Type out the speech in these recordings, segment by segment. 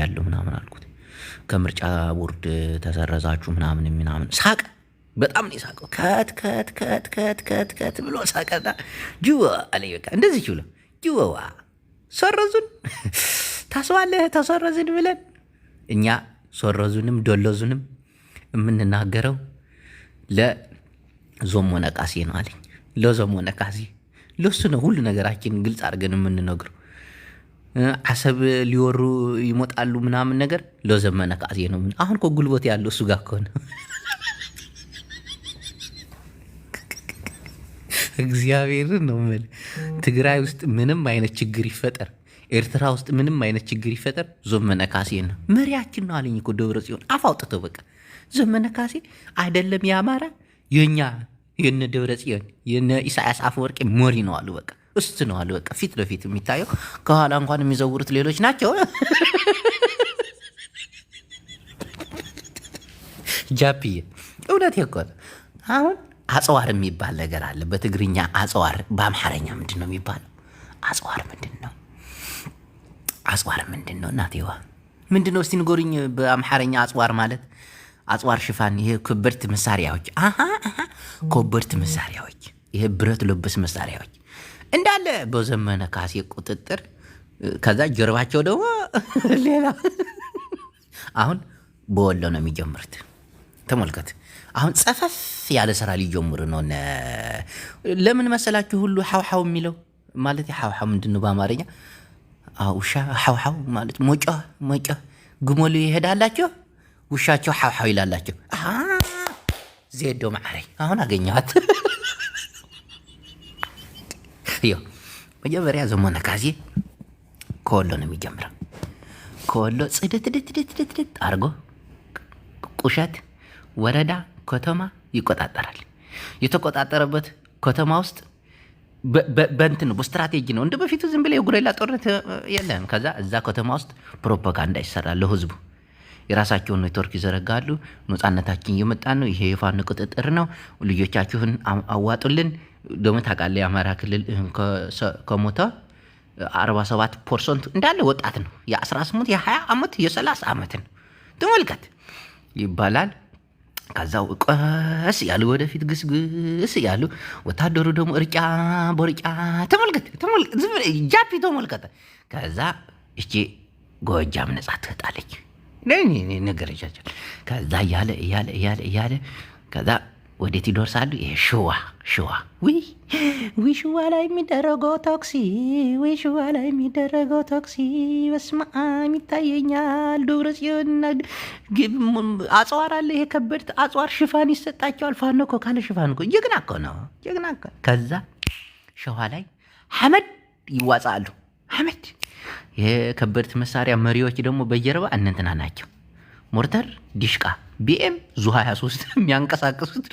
ያለው ምናምን አልኩት። ከምርጫ ቦርድ ተሰረዛችሁ ምናምን ምናምን ሳቀ። በጣም ነው የሳቀው። ከት ከት ከት ከት ከት ከት ብሎ ሳቀና ጅዋ አለ። በቃ እንደዚህ ችሎ ጅወዋ ሰረዙን ታስባለህ ተሰረዝን ብለን እኛ ሰረዙንም ዶለዙንም የምንናገረው ለዞሞ ነቃሴ ነው አለኝ። ለዞሞነ ለሱ ነው ሁሉ ነገራችን ግልጽ አድርገን የምንነግረው። አሰብ ሊወሩ ይሞጣሉ ምናምን ነገር ለዘመነ ካሴ ነው። አሁን ጉልበት ያለው እሱ ጋር ከሆነ እግዚአብሔርን ነው የምልህ። ትግራይ ውስጥ ምንም አይነት ችግር ይፈጠር፣ ኤርትራ ውስጥ ምንም አይነት ችግር ይፈጠር፣ ዘመነ ካሴ ነው መሪያችን ነው አለኝ እኮ ደብረ ጽዮን አፍ አውጥተው። በቃ ዘመነ ካሴ አይደለም የአማራ የእኛ የነ ደብረ ጽዮን የነ ኢሳያስ አፈወርቄ መሪ ነው አሉ በቃ ወስነዋል። በቃ ፊት ለፊት የሚታየው ከኋላ እንኳን የሚዘውሩት ሌሎች ናቸው። ጃፒዬ እውነት የኮነ አሁን አጽዋር የሚባል ነገር አለ። በትግርኛ አጽዋር፣ በአምሐረኛ ምንድን ነው የሚባለው? አጽዋር ምንድን ነው? አጽዋር ምንድን ነው? እናቴዋ ምንድን ነው? እስቲ ንጎርኝ በአምሐረኛ አጽዋር ማለት አጽዋር ሽፋን፣ ይሄ ኮበርት መሳሪያዎች፣ ኮበርት መሳሪያዎች፣ ይሄ ብረት ለበስ መሳሪያዎች እንዳለ በዘመነ ካሴ ቁጥጥር ከዛ ጀርባቸው ደግሞ ሌላ። አሁን በወሎ ነው የሚጀምሩት። ተመልከት። አሁን ጸፈፍ ያለ ስራ ሊጀምሩ ነው። ለምን መሰላችሁ? ሁሉ ሐውሐው የሚለው ማለት ሐውሐው ምንድን ነው በአማርኛ? ውሻ ሐውሐው ማለት ሞጮ ሞጮ። ግመሉ ይሄዳላቸው ውሻቸው ሐውሐው ይላላቸው። ዜዶ ማዕረይ አሁን አገኘኋት። ይኸው መጀመሪያ ዘሞነ ካሴ ከወሎ ነው የሚጀምረው። ከወሎ ጽድት ድት አድርጎ ቁሸት ወረዳ ከተማ ይቆጣጠራል። የተቆጣጠረበት ከተማ ውስጥ በንት ነው በስትራቴጂ ነው። እንደ በፊቱ ዝም ብለ የጉሬላ ጦርነት የለም። ከዛ እዛ ከተማ ውስጥ ፕሮፓጋንዳ ይሰራል ለህዝቡ የራሳቸውን ኔትወርክ ይዘረጋሉ። ነፃነታችን እየመጣ ነው። ይሄ የፋኖ ቁጥጥር ነው። ልጆቻችሁን አዋጡልን። ደግሞ ታውቃለህ የአማራ ክልል ከሞተ 47 ፐርሰንቱ እንዳለ ወጣት ነው። የ18 የ20 ዓመት የ30 ዓመት ነው። ትመልከት ይባላል። ከዛው ቀስ ያሉ ወደፊት ግስግስ ያሉ ወታደሩ ደግሞ እርጫ በርጫ ተመልከት፣ ጃፒ ተመልከተ። ከዛ እቺ ጎጃም ነጻ ትወጣለች። ነገር ይቻቻል። ከዛ እያለ እያለ እያለ እያለ ከዛ ወዴት ይደርሳሉ? ይሄ ሽዋ ሽዋ ዊ ሽዋ ላይ የሚደረገው ቶክሲ ዊ ሽዋ ላይ የሚደረገው ቶክሲ በስማ ይታየኛል። ደብረ ጽዮንና አጽዋር አለ። ይሄ ከበድ አጽዋር ሽፋን ይሰጣቸዋል። ፋኖ እኮ ካለ ሽፋን እኮ ጀግና እኮ ነው፣ ጀግና እኮ ከዛ ሸዋ ላይ ሐመድ ይዋጻሉ ሐመድ የከበድት መሳሪያ መሪዎች ደግሞ በጀርባ እንንትና ናቸው። ሞርተር፣ ዲሽቃ፣ ቢኤም ዙ 23 የሚያንቀሳቅሱት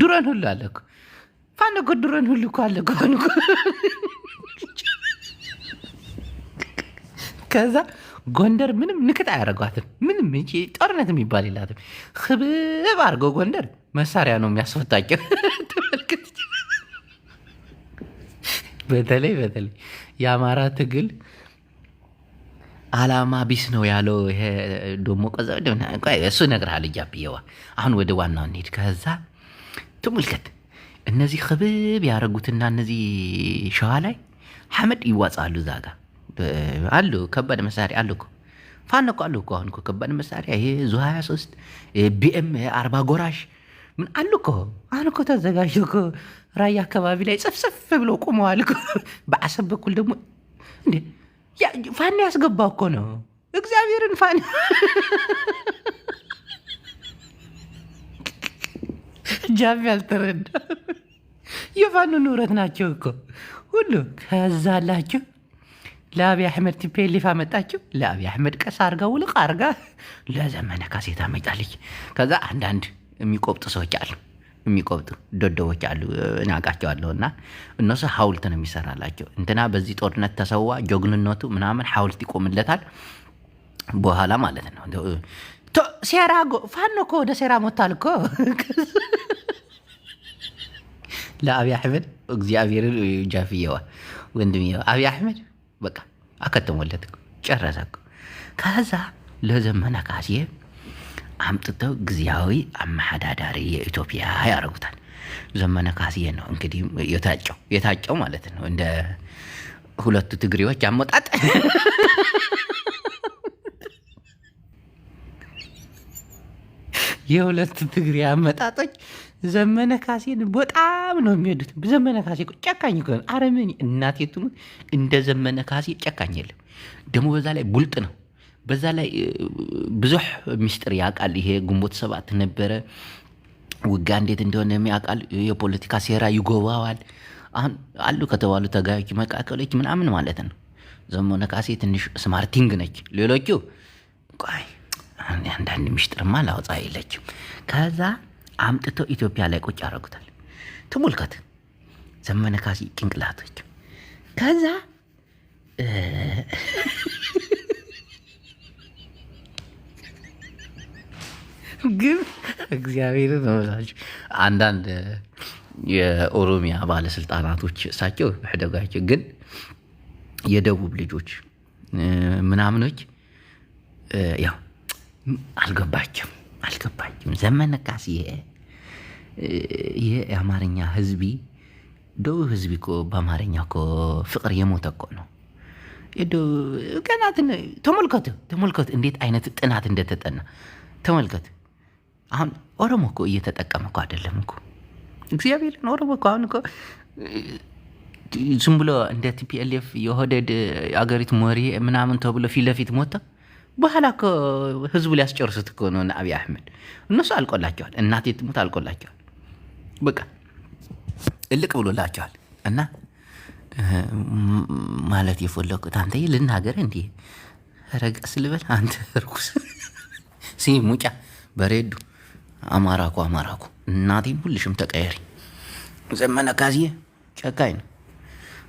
ድሮን ሁሉ አለ እኮ ፋኖ ድሮን ሁሉ እኮ አለ እኮ አሁን ከዛ ጎንደር ምንም ንክጥ አያደርጓትም። ምንም ጦርነት የሚባል የላትም። ህብብ አድርገው ጎንደር መሳሪያ ነው የሚያስፈታቸው። በተለይ በተለይ የአማራ ትግል አላማ ቢስ ነው ያለው። ይሄ ደሞ ቀዘ እሱ ነግርሃል እያብየዋ አሁን ወደ ዋናው እንሂድ። ከዛ ትሙልከት እነዚህ ክብብ ያደረጉትና እነዚህ ሸዋ ላይ ሐመድ ይዋጻሉ። እዛ ጋ አሉ ከባድ መሳሪያ አሉ እኮ ፋኖ እኮ አሉ እኮ አሁን እኮ ከባድ መሳሪያ ይሄ ዙ 23 ቢኤም አርባ ጎራሽ ምን አሉ እኮ አሁን እኮ ተዘጋጅ እኮ ራያ አካባቢ ላይ ጸፍጸፍ ብሎ ቁመዋል። በአሰብ በኩል ደግሞ ፋኒ ያስገባ እኮ ነው። እግዚአብሔርን ፋኖ ጃሚ አልተረዳ የፋኑ ንብረት ናቸው እኮ ሁሉ። ከዛላቸው ለአብይ አሕመድ ቲፔሊፍ አመጣቸው። ለአብይ አሕመድ ቀስ አርጋ ውልቅ አርጋ ለዘመነ ካሴት አመጣለች። ከዛ አንዳንድ የሚቆብጥ ሰዎች አሉ የሚቆብጡ ዶዶዎች አሉ፣ እኔ አውቃቸዋለሁ። እና እነሱ ሀውልት ነው የሚሰራላቸው። እንትና በዚህ ጦርነት ተሰዋ ጀግንነቱ ምናምን ሀውልት ይቆምለታል በኋላ ማለት ነው። ሴራ ፋኖ እኮ ወደ ሴራ ሞታል እኮ ለአብይ አሕመድ እግዚአብሔርን ጃፍየዋ ወንድምየዋ አብይ አሕመድ በቃ አከተሞለት ጨረሰ። ከዛ ለዘመነ ካሴ አምጥተው ጊዜያዊ አመሐዳዳሪ የኢትዮጵያ ያደርጉታል። ዘመነ ካሴ ነው እንግዲህ የታጨው የታጨው ማለት ነው። እንደ ሁለቱ ትግሬዎች አመጣጥ የሁለቱ ትግሬ አመጣጦች ዘመነ ካሴን በጣም ነው የሚወዱት። ዘመነ ካሴ ጨካኝ አረመኔ፣ እናቴ ትሙት፣ እንደ ዘመነ ካሴ ጨካኝ የለም። ደግሞ በዛ ላይ ቡልጥ ነው። በዛ ላይ ብዙሕ ምስጢር ያውቃል። ይሄ ግንቦት ሰባት ነበረ ውጊያ እንዴት እንደሆነ ያውቃል። የፖለቲካ ሴራ ይጎባዋል። አሁን አሉ ከተባሉ ተጋዮች መካከሎች ምናምን ማለት ነው። ዘመነ ካሴ ትንሽ ስማርቲንግ ነች። ሌሎቹ ቆይ አንዳንድ ሚስጥርማ ላውጣ የለችም። ከዛ አምጥተው ኢትዮጵያ ላይ ቁጭ ያደረጉታል። ትሙልከት ዘመነ ካሴ ጭንቅላቶች ከዛ ግን እግዚአብሔር ነው አንዳንድ የኦሮሚያ ባለስልጣናቶች እሳቸው ሕደጋቸው ግን የደቡብ ልጆች ምናምኖች ያው አልገባችም አልገባችም። ዘመነ ካሴ የአማርኛ ህዝቢ ደቡብ ህዝቢ እኮ በአማርኛ እኮ ፍቅር የሞተ እኮ ነው። ቀናትን ተመልከት ተመልከት፣ እንዴት አይነት ጥናት እንደተጠና ተመልከት። አሁን ኦሮሞ እኮ እየተጠቀመ እኮ አይደለም እኮ እግዚአብሔርን ኦሮሞ እኮ አሁን እኮ ዝም ብሎ እንደ ቲፒኤልኤፍ የሆደድ አገሪቱ መሪ ምናምን ተብሎ ፊት ለፊት ሞተ። በኋላ እኮ ህዝቡ ሊያስጨርሱት እኮ ነው አብይ አህመድ እነሱ አልቆላቸዋል። እናቴ ትሙት አልቆላቸዋል። በቃ እልቅ ብሎላቸዋል። እና ማለት የፈለኩት አንተዬ ልናገር እንዲ ረገስ ልበል አንተ ርኩስ ሲ ሙጫ በሬዱ አማራኩ አማራኩ እናቴን ሁልሽም ተቀየሪ። ዘመነ ካዝዬ ጨካኝ ነው፣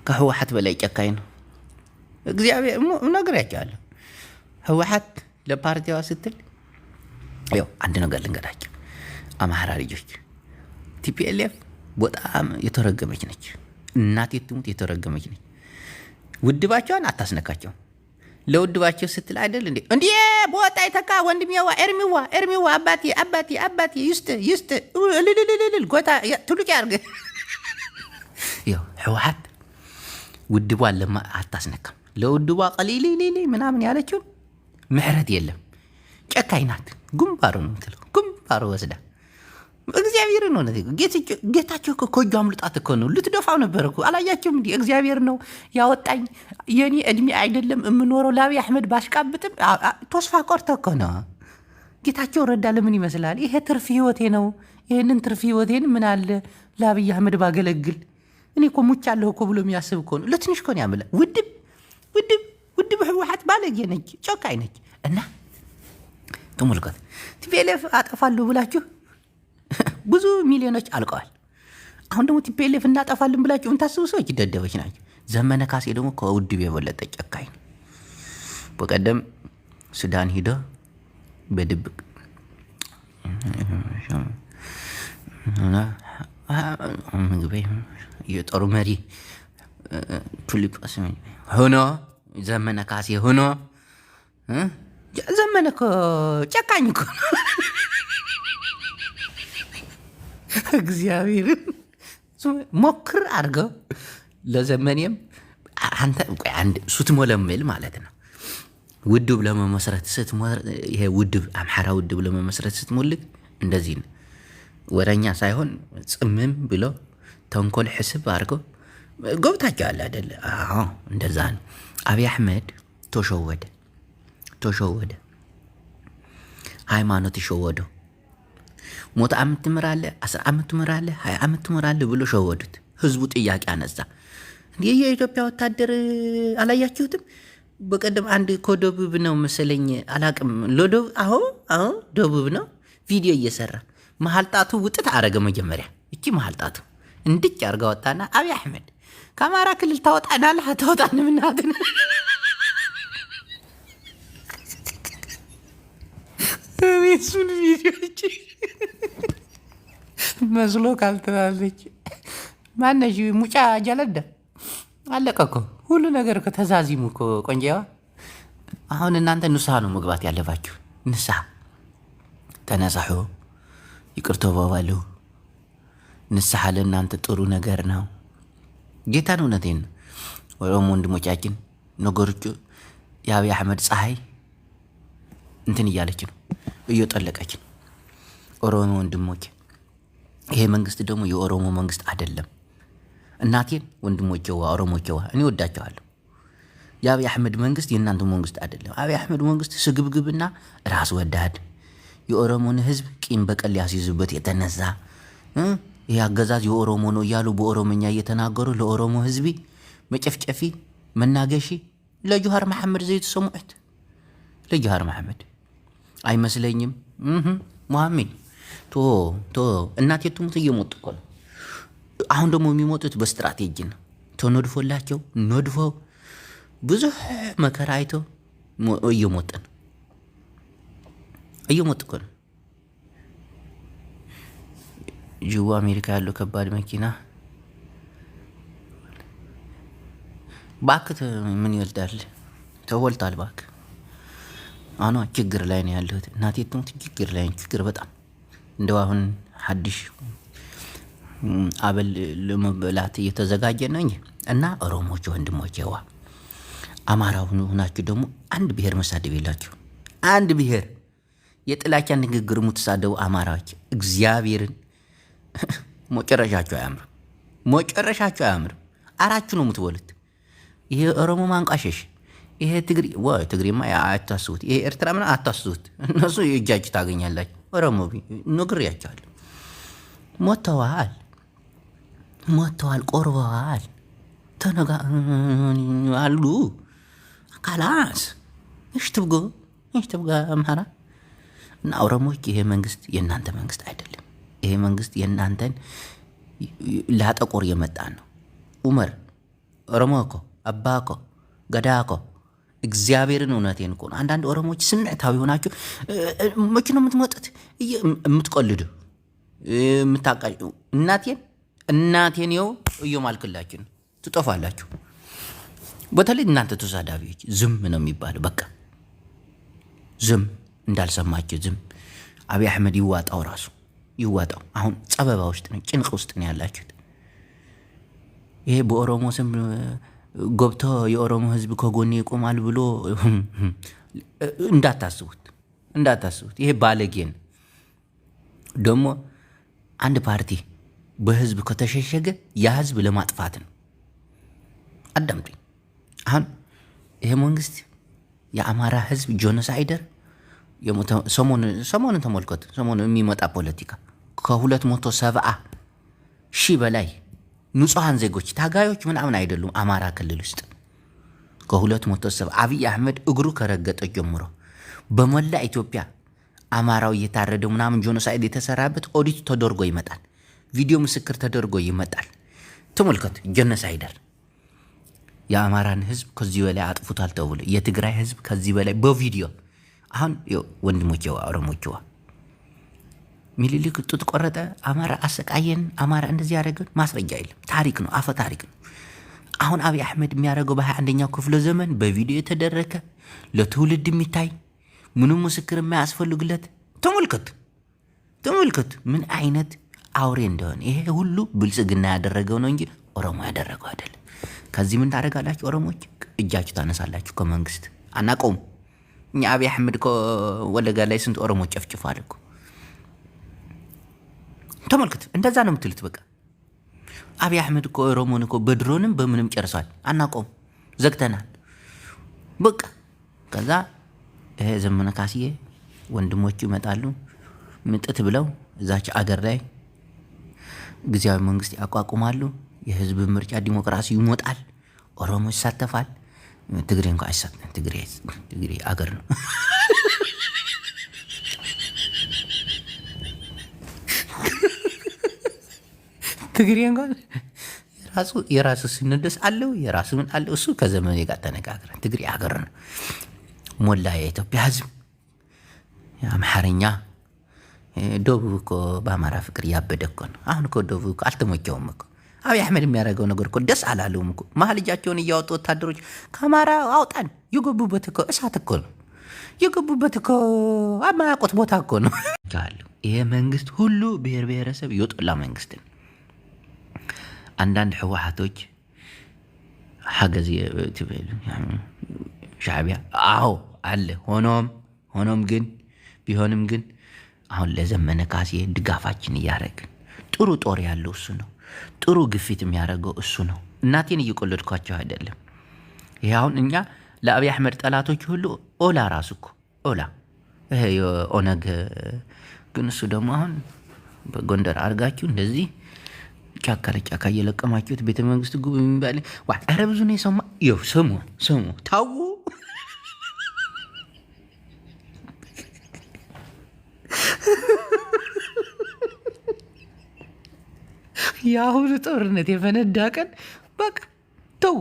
ከህወሓት በላይ ጨካኝ ነው። እግዚአብሔር እነግራቸዋለሁ። ህወሓት ለፓርቲዋ ስትል ያው አንድ ነገር ልንገዳቸው፣ አማራ ልጆች ቲፒኤልኤፍ በጣም የተረገመች ነች። እናቴ ትሙት የተረገመች ነች። ውድባቸዋን አታስነካቸው። ለውድባቸው ስትል አይደል እንዴ? እንዲ ቦታ ይተካ ወንድሜዋ ኤርሚዋ ኤርሚዋ አባቴ አባቴ አባቴ ይስጥ ይስጥ ልልልልል ጎታ ትሉቅ ያርገ ያው ህወሓት ውድቧ ለማ አታስነካም። ለውድቧ ቀሊሊሊሊ ምናምን ያለችውን ምሕረት የለም። ጨካኝ ናት። ጉንባሩ ነው ምትለው፣ ጉንባሩ ወስዳ እግዚአብሔር ነው ጌታቸው እኮ ከእጁ አምልጣት እኮ ነው። ልትደፋው ነበር እኮ አላያቸውም። እንዲህ እግዚአብሔር ነው ያወጣኝ። የኔ እድሜ አይደለም የምኖረው ለአብይ አሕመድ ባሽቃብጥም ተስፋ ቆርተ እኮ ነው። ጌታቸው ረዳ ለምን ይመስላል? ይሄ ትርፍ ህይወቴ ነው። ይህንን ትርፍ ህይወቴን ምን አለ ለአብይ አሕመድ ባገለግል። እኔ እኮ ሙቻለሁ እኮ ብሎ የሚያስብ እኮ ነው። ለትንሽ እኮ ነው ያምላ። ውድብ ውድብ ውድብ ህወሓት ባለጌ ነች፣ ጨካኝ ነች እና ተመልከት ቲፒኤልኤፍ አጠፋለሁ ብላችሁ ብዙ ሚሊዮኖች አልቀዋል። አሁን ደግሞ ቲፒኤልኤፍ እናጠፋልን ብላችሁ የምታስቡ ሰዎች ይደደበች ናቸው። ዘመነ ካሴ ደግሞ ከውድብ የበለጠ ጨካኝ ነው። በቀደም ሱዳን ሂዶ በድብቅ የጦሩ መሪ ፊሊጶስ ሆኖ ዘመነ ካሴ ሆኖ ዘመነ ጨካኝ እኮ እግዚአብሔርን ሞክር አድርገው ለዘመኔም አንተ ስትሞለምል ማለት ነው። ውድብ ለመመስረት ይሄ ውድብ አምሓራ ውድብ ለመመስረት ስትሞልግ እንደዚህ ነው። ወረኛ ሳይሆን ጽምም ብሎ ተንኮል ሕስብ አድርጎ ጎብታቸው አለ አደለ? እንደዛ ነው። አብይ አሕመድ ተሸወደ ተሸወደ፣ ሃይማኖት ይሸወዶ ሞት ዓመት ትምራለህ፣ አስር ዓመት ትምራለህ፣ ሀያ ዓመት ትምራለህ ብሎ ሸወዱት። ህዝቡ ጥያቄ አነሳ። እንዲህ የኢትዮጵያ ወታደር አላያችሁትም? በቀደም አንድ ከደቡብ ነው መሰለኝ አላቅም፣ ለደቡብ አሁ አሁ ደቡብ ነው ቪዲዮ እየሰራ መሀል ጣቱ ውጥት አረገ። መጀመሪያ እቺ መሀል ጣቱ እንድጭ አርጋ ወጣና አብይ አሕመድ ከአማራ ክልል ታወጣናለህ አታወጣንም እናትን እሱን ቪዲዮች መስሎ ካልትላለች ማነሽ ሙጫ ጀለደ አለቀ እኮ ሁሉ ነገር እኮ ተዛዚሙ እኮ ቆንጆዋ። አሁን እናንተ ንስሐ ነው መግባት ያለባችሁ። ንስሐ ተነሳሑ፣ ይቅርቶ ተባባሉ። ንስሐ ለእናንተ ጥሩ ነገር ነው። ጌታን እውነቴን ወይም ወንድሞቻችን ነገሮቹ የአብይ አሕመድ ፀሐይ እንትን እያለች ነው እየጠለቀች ነው ኦሮሞ ወንድሞች፣ ይሄ መንግስት ደግሞ የኦሮሞ መንግስት አይደለም። እናቴን ወንድሞቼዋ ኦሮሞቼዋ እኔ ወዳቸዋለሁ። የአብይ አሕመድ መንግስት የእናንተ መንግስት አይደለም። አብይ አሕመድ መንግስት ስግብግብና ራስ ወዳድ የኦሮሞን ህዝብ ቂም በቀል ያስይዙበት የተነሳ ይህ አገዛዝ የኦሮሞ ነው እያሉ በኦሮሞኛ እየተናገሩ ለኦሮሞ ህዝቢ መጨፍጨፊ መናገሺ ለጆሃር መሐመድ ዘይተሰሙዑት ለጆሃር መሐመድ አይመስለኝም። ሞሐሜ ቶ ቶ እናት ትሙት እየሞጡ እኮ ነው። አሁን ደግሞ የሚሞጡት በስትራቴጂ ነው። ነድፎላቸው ነድፎ ብዙ መከራ አይተው እየሞጥ ነው እየሞጡ እኮ ነው። ጅቡ አሜሪካ ያለው ከባድ መኪና ባክ ምን ይወልዳል? ተወልቷል ባክ አኗ ችግር ላይ ነው ያለሁት። እናቴ ትሙት ችግር ላይ ችግር በጣም እንደው አሁን ሀዲሽ አበል ለመብላት እየተዘጋጀ ነው እንጂ እና ኦሮሞች ወንድሞች ዋ አማራ ሁናችሁ ደግሞ አንድ ብሔር መሳደብ የላችሁ አንድ ብሔር የጥላቻ ንግግር የምትሳደቡ አማራዎች እግዚአብሔርን መጨረሻቸው አያምርም። መጨረሻቸው አያምርም። አራችሁ ነው የምትበሉት። ይሄ ኦሮሞ ማንቋሸሽ ይሄ ትግሪ ወይ ትግሪማ አታስቡት፣ ይሄ ኤርትራ ምና አታስቡት። እነሱ እጃችሁ ታገኛላችሁ። ኦሮሞ ነግሬያቸዋለሁ። ሞተዋል፣ ሞተዋል፣ ቆርበዋል፣ ተነጋ አሉ ካላስ እሽትብጎ እሽትብጋ እሽ ትብጋ አምሃራ እና ኦሮሞዎች፣ ይሄ መንግስት የእናንተ መንግስት አይደለም። ይሄ መንግስት የእናንተን ላጠቆር የመጣ ነው። ኡመር ኦሮሞ እኮ አባ እኮ ገዳ እኮ እግዚአብሔርን እውነቴን እኮ ነው። አንዳንድ ኦሮሞዎች ስምዕታዊ ሆናችሁ መቼ ነው የምትመጡት? የምትቆልዱ የምታቃ እናቴን እናቴን የው እየማልክላችሁ ትጠፋላችሁ። በተለይ እናንተ ተሳዳቢዎች ዝም ነው የሚባለው። በቃ ዝም እንዳልሰማችሁ ዝም። አብይ አሕመድ ይዋጣው፣ ራሱ ይዋጣው። አሁን ጸበባ ውስጥ ነው፣ ጭንቅ ውስጥ ነው ያላችሁት። ይሄ በኦሮሞ ስም ጎብቶ የኦሮሞ ህዝብ ከጎኔ ይቆማል ብሎ እንዳታስቡት እንዳታስቡት። ይሄ ባለጌን ደግሞ አንድ ፓርቲ በህዝብ ከተሸሸገ ያ ህዝብ ለማጥፋት ነው። አዳምጡኝ። አሁን ይሄ መንግስት የአማራ ህዝብ ጆኖሳይደር ሰሞኑን ተመልከቱ። ሰሞኑ የሚመጣ ፖለቲካ ከሁለት መቶ ሰብአ ሺህ በላይ ንጹሐን ዜጎች ታጋዮች ምናምን አይደሉም። አማራ ክልል ውስጥ ከሁለት መቶ ሰብ አብይ አህመድ እግሩ ከረገጠ ጀምሮ በሞላ ኢትዮጵያ አማራው እየታረደ ምናምን ጆኖሳይድ የተሰራበት ኦዲት ተደርጎ ይመጣል። ቪዲዮ ምስክር ተደርጎ ይመጣል። ተመልከት፣ ጆኖሳይደር የአማራን ህዝብ ከዚህ በላይ አጥፉታል ተብሎ የትግራይ ህዝብ ከዚህ በላይ በቪዲዮ አሁን ወንድሞቼዋ ኦሮሞቼዋ ሚኒሊክ ጡት ቆረጠ፣ አማራ አሰቃየን፣ አማራ እንደዚህ ያደረገ ማስረጃ የለም። ታሪክ ነው፣ አፈ ታሪክ ነው። አሁን አብይ አህመድ የሚያደርገው በሃያ አንደኛው ክፍለ ዘመን በቪዲዮ የተደረገ ለትውልድ የሚታይ ምንም ምስክር የማያስፈልግለት ተመልከት፣ ተመልከት ምን አይነት አውሬ እንደሆነ። ይሄ ሁሉ ብልጽግና ያደረገው ነው እንጂ ኦሮሞ ያደረገው አይደለም። ከዚህ ምን ታደርጋላችሁ? ኦሮሞች እጃችሁ ታነሳላችሁ ከመንግስት አናቀውም። እኛ አብይ አህመድ ወለጋ ላይ ስንት ኦሮሞ ጨፍጭፏል እኮ ተመልክት፣ እንደዛ ነው የምትሉት። በቃ አብይ አህመድ እኮ ኦሮሞን እኮ በድሮንም በምንም ጨርሷል። አናቆም ዘግተናል። በቃ ከዛ ይሄ ዘመነ ካስዬ ወንድሞቹ ይመጣሉ ምጥት ብለው እዛች አገር ላይ ጊዜያዊ መንግስት ያቋቁማሉ። የህዝብ ምርጫ ዲሞክራሲ ይሞጣል። ኦሮሞ ይሳተፋል። ትግሬ እንኳ አይሳተፍም። ትግሬ አገር ነው። ትግሬ እንኳን የራሱ የራሱ ሲነደስ አለው የራሱ ምን አለው። እሱ ከዘመኑ ጋር ተነጋግረን ትግሬ ሀገር ነው ሞላ የኢትዮጵያ ህዝብ አምሐርኛ ደቡብ እኮ በአማራ ፍቅር እያበደ እኮ ነው። አሁን እኮ ደቡብ እኮ አልተሞጀውም እኮ አብይ አሕመድ የሚያደርገው ነገር እኮ ደስ አላለውም እኮ። መሀል እጃቸውን እያወጡ ወታደሮች ከአማራ አውጣን የገቡበት እኮ እሳት እኮ ነው የገቡበት እኮ አማያቆት ቦታ እኮ ነው። ይሄ መንግስት ሁሉ ብሔር ብሔረሰብ የወጦላ መንግስት ነው። አንዳንድ ህወሓቶች ሓገዝ ትብል ሻዕቢያ አዎ አለ። ሆኖም ሆኖም ግን ቢሆንም ግን አሁን ለዘመነ ካሴ ድጋፋችን እያደረግን ጥሩ ጦር ያለው እሱ ነው። ጥሩ ግፊት የሚያደርገው እሱ ነው። እናቴን እየቆለድኳቸው አይደለም። ይሄ አሁን እኛ ለአብይ አሕመድ ጠላቶች ሁሉ ኦላ ራሱ እኮ ኦላ ይሄ ኦነግ ግን እሱ ደግሞ አሁን በጎንደር አድርጋችሁ እንደዚህ ጫካ ለጫካ እየለቀማችሁት ቤተ መንግስት ጉብ የሚባል ኧረ ብዙ ነው የሰማ ው ስሙ ስሙ ታው የአሁኑ ጦርነት የፈነዳ ቀን በቃ ተው።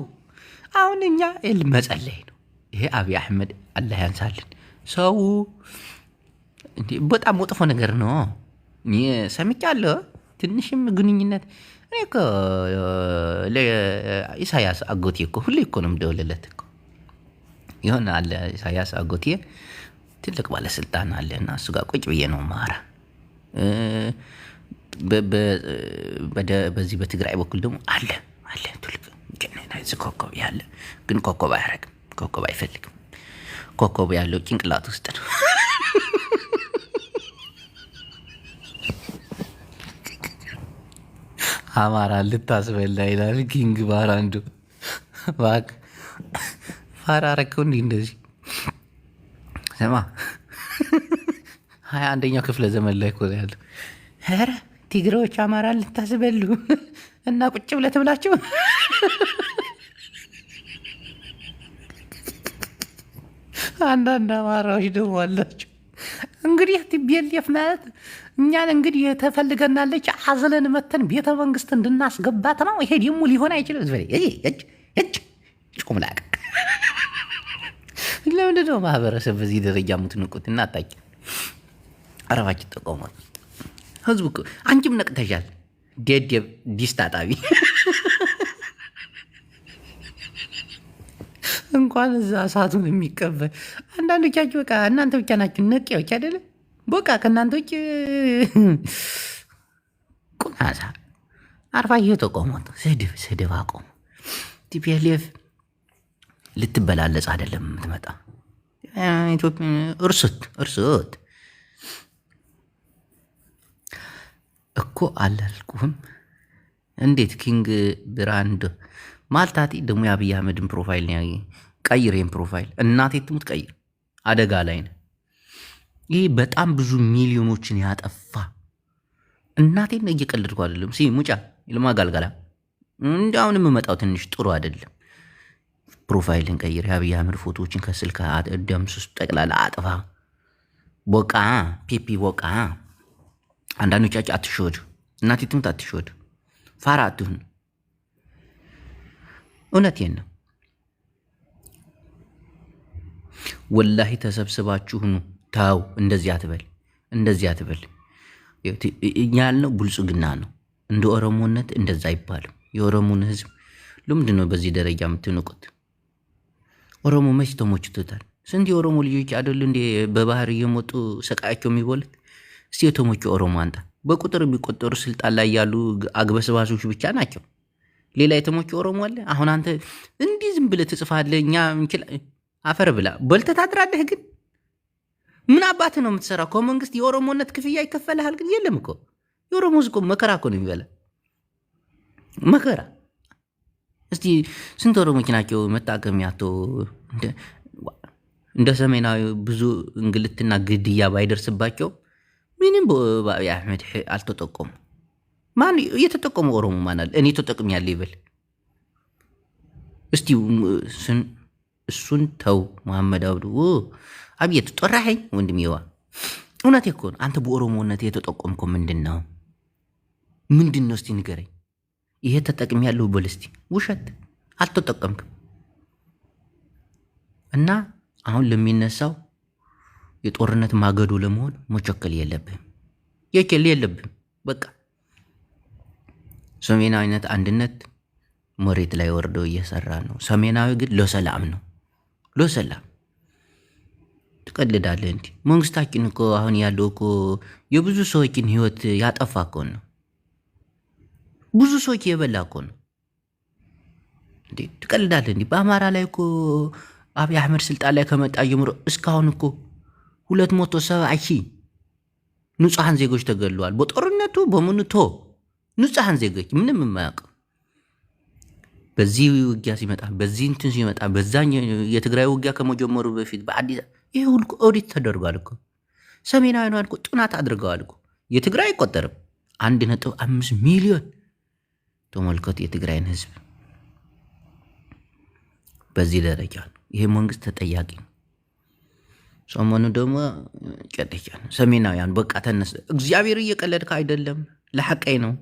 አሁን እኛ ል መጸለይ ነው። ይሄ አብይ አሕመድ አላህ ያንሳልን። ሰው በጣም መጥፎ ነገር ነው ሰምቻለሁ። ትንሽም ግንኙነት እኔ እኮ ኢሳያስ አጎቴ እኮ ሁሌ እኮ ነው የምደውልለት እኮ ይሆን አለ። ኢሳያስ አጎቴ ትልቅ ባለስልጣን አለ እና እሱ ጋር ቁጭ ብዬ ነው ማራ። በዚህ በትግራይ በኩል ደግሞ አለ አለ ትልቅ ኮከብ ያለ ግን ኮከብ አያረግም፣ ኮከብ አይፈልግም። ኮከብ ያለው ጭንቅላት ውስጥ ነው። አማራ ልታስበላ ይላል ኪንግ ባር አንዱ ባክ ረከው እንዲህ እንደዚህ ስማ፣ ሀያ አንደኛው ክፍለ ዘመን ላይ እኮ ያለ ኧረ ቲግሬዎች አማራ ልታስበሉ እና ቁጭ ብለህ ትብላችሁ አንዳንድ አማራዎች ደግሞ አላቸው እንግዲህ ቲቤልፍ ማለት እኛን እንግዲህ የተፈልገናለች አዝለን መተን ቤተ መንግስት እንድናስገባት ነው። ይሄ ደግሞ ሊሆን አይችልም። ቁምላቅ ለምንድን ነው ማህበረሰብ በዚህ ደረጃ የምትንቁት? እናታቂ አረባች ጠቆመ ህዝቡ አንቺም ነቅተሻል። ደደብ ዲስት አጣቢ እንኳን እዛ እሳቱን የሚቀበል አንዳንዶቻችሁ በቃ እናንተ ብቻ ናችሁ ነቄዎች አይደለም። በቃ ከእናንተ ውጭ ቁናሳ አርፋ ተቆሙት። ስድብ ስድብ አቆሙ። ቲፒኤልኤፍ ልትበላለጽ አይደለም የምትመጣ እርሱት እርሱት እኮ አላልኩም። እንዴት ኪንግ ብራንድ ማልታቲ ደግሞ የአብይ አህመድን ፕሮፋይል ቀይር፣ ይህን ፕሮፋይል እናቴ ትሙት ቀይር፣ አደጋ ላይ ነው። ይህ በጣም ብዙ ሚሊዮኖችን ያጠፋ እናቴን እየቀለድኩ አይደለም። ሲ ሙጫ ልማ ጋልጋላ እንዲ አሁን የምመጣው ትንሽ ጥሩ አይደለም። ፕሮፋይልን ቀይር፣ የአብይ አህመድ ፎቶዎችን ከስልክ ደምስስ፣ ጠቅላላ አጥፋ። ቦቃ ፒፒ ቦቃ። አንዳንዶቻችሁ አትሸወድ፣ እናቴ ትምት አትሸወድ፣ ፋራ አትሁን። እውነቴን ነው ወላሂ ተሰብስባችሁ ነው ታው እንደዚህ አትበል፣ እንደዚህ አትበል። እኛ ያልነው ብልጽግና ነው። እንደ ኦሮሞነት እንደዛ አይባልም። የኦሮሞን ህዝብ ለምንድን ነው በዚህ ደረጃ የምትንቁት? ኦሮሞ መች ተሞችቶታል? ስንት የኦሮሞ ልጆች አይደሉ እንዴ በባህር እየሞጡ ሰቃያቸው የሚበሉት? እስቲ የተሞቹ ኦሮሞ አንጣ። በቁጥር የሚቆጠሩ ስልጣን ላይ ያሉ አግበስባሶች ብቻ ናቸው። ሌላ የተሞቹ ኦሮሞ አለ? አሁን አንተ እንዲህ ዝም ብለህ ትጽፋለህ። እኛ አፈር ብላ በልተህ ታድራለህ ግን ምን አባት ነው የምትሰራ? የምትሰራው? መንግስት የኦሮሞነት ክፍያ ይከፈልሃል? ግን የለም እኮ የኦሮሞ ህዝብ መከራ እኮ ነው የሚበላ መከራ። እስቲ ስንት ኦሮሞች ናቸው መታከሚያ አጥቶ እንደ ሰሜናዊ ብዙ እንግልትና ግድያ ባይደርስባቸው ምንም በአብይ አሕመድ አልተጠቆሙ። ማን እየተጠቀሙ ኦሮሞ ማን እኔ ተጠቅም ያለ ይበል እስቲ። እሱን ተው መሐመድ አብዱ አብየት ጦራኸኝ ወንድም ይዋ እውነት እኮ አንተ በኦሮሞነት የተጠቆምከው ምንድን ነው? ምንድን ነው? እስቲ ንገረኝ። ይሄ ተጠቅሚ ያለሁ በል እስቲ። ውሸት አልተጠቀምክም። እና አሁን ለሚነሳው የጦርነት ማገዶ ለመሆን መቸከል የለብህም የቸል የለብህም። በቃ ሰሜናዊነት አንድነት መሬት ላይ ወርዶ እየሰራ ነው። ሰሜናዊ ግን ለሰላም ነው ለሰላም ትቀልዳለ እንዲ መንግስታችን እኮ አሁን ያለው እኮ የብዙ ሰዎችን ህይወት ያጠፋ እኮ ነው። ብዙ ሰዎች የበላ እኮ ነው። እንዴ ትቀልዳለ እንዲ በአማራ ላይ እኮ አብይ አህመድ ስልጣን ላይ ከመጣ ጀምሮ እስካሁን እኮ ሁለት መቶ ሰባ ሺህ ንጹሐን ዜጎች ተገለዋል። በጦርነቱ በምንቶ ንጹሐን ዜጎች ምንም የማያውቅ በዚህ ውጊያ ሲመጣ በዚህ እንትን ሲመጣ በዛ የትግራይ ውጊያ ከመጀመሩ በፊት በአዲስ ይህ ሁሉ ኦዲት ተደርጓል እኮ ሰሜናዊያን እኮ ጥናት አድርገዋል እኮ የትግራይ አይቆጠርም። አንድ ነጥብ አምስት ሚሊዮን ተመልከቱ፣ የትግራይን ህዝብ በዚህ ደረጃ ነው። ይህ መንግስት ተጠያቂ ነው። ሰሞኑ ደግሞ ጨደቻን ሰሜናውያን በቃ ተነስ። እግዚአብሔር እየቀለድከ አይደለም፣ ለሐቀይ ነው።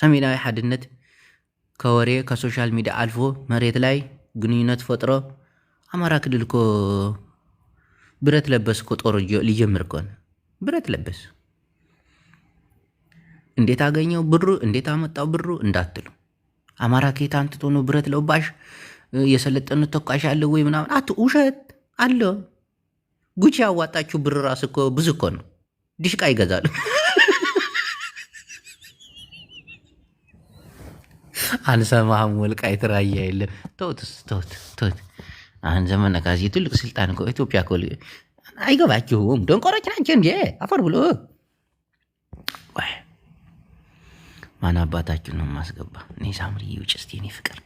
ሰሜናዊ ሓድነት ከወሬ ከሶሻል ሚዲያ አልፎ መሬት ላይ ግንኙነት ፈጥሮ አማራ ክልል እኮ ብረት ለበስ እኮ ጦር ሊጀምር ከሆነ ብረት ለበስ እንዴት አገኘው ብሩ፣ እንዴት አመጣው ብሩ እንዳትሉ። አማራ ከየት አንትቶ ነው ብረት ለባሽ የሰለጠኑ ተኳሽ አለ ወይ ምናምን አት ውሸት አለ። ጉቺ ያዋጣችሁ ብር ራስ እኮ ብዙ እኮ ነው። ዲሽቃ ይገዛሉ። አንሰማህም? ወልቃይት ራያ የለም። ተውት ተውት ተውት። አሁን ዘመነ ካሴ ትልቅ ስልጣን እኮ ኢትዮጵያ እኮ አይገባችሁም፣ ደንቆሮች ናቸው እንዴ አፈር ብሎ ማን አባታችሁ ነው የማስገባ? እኔ ሳምሪ ውጭ እስቲ እኔ ፍቅር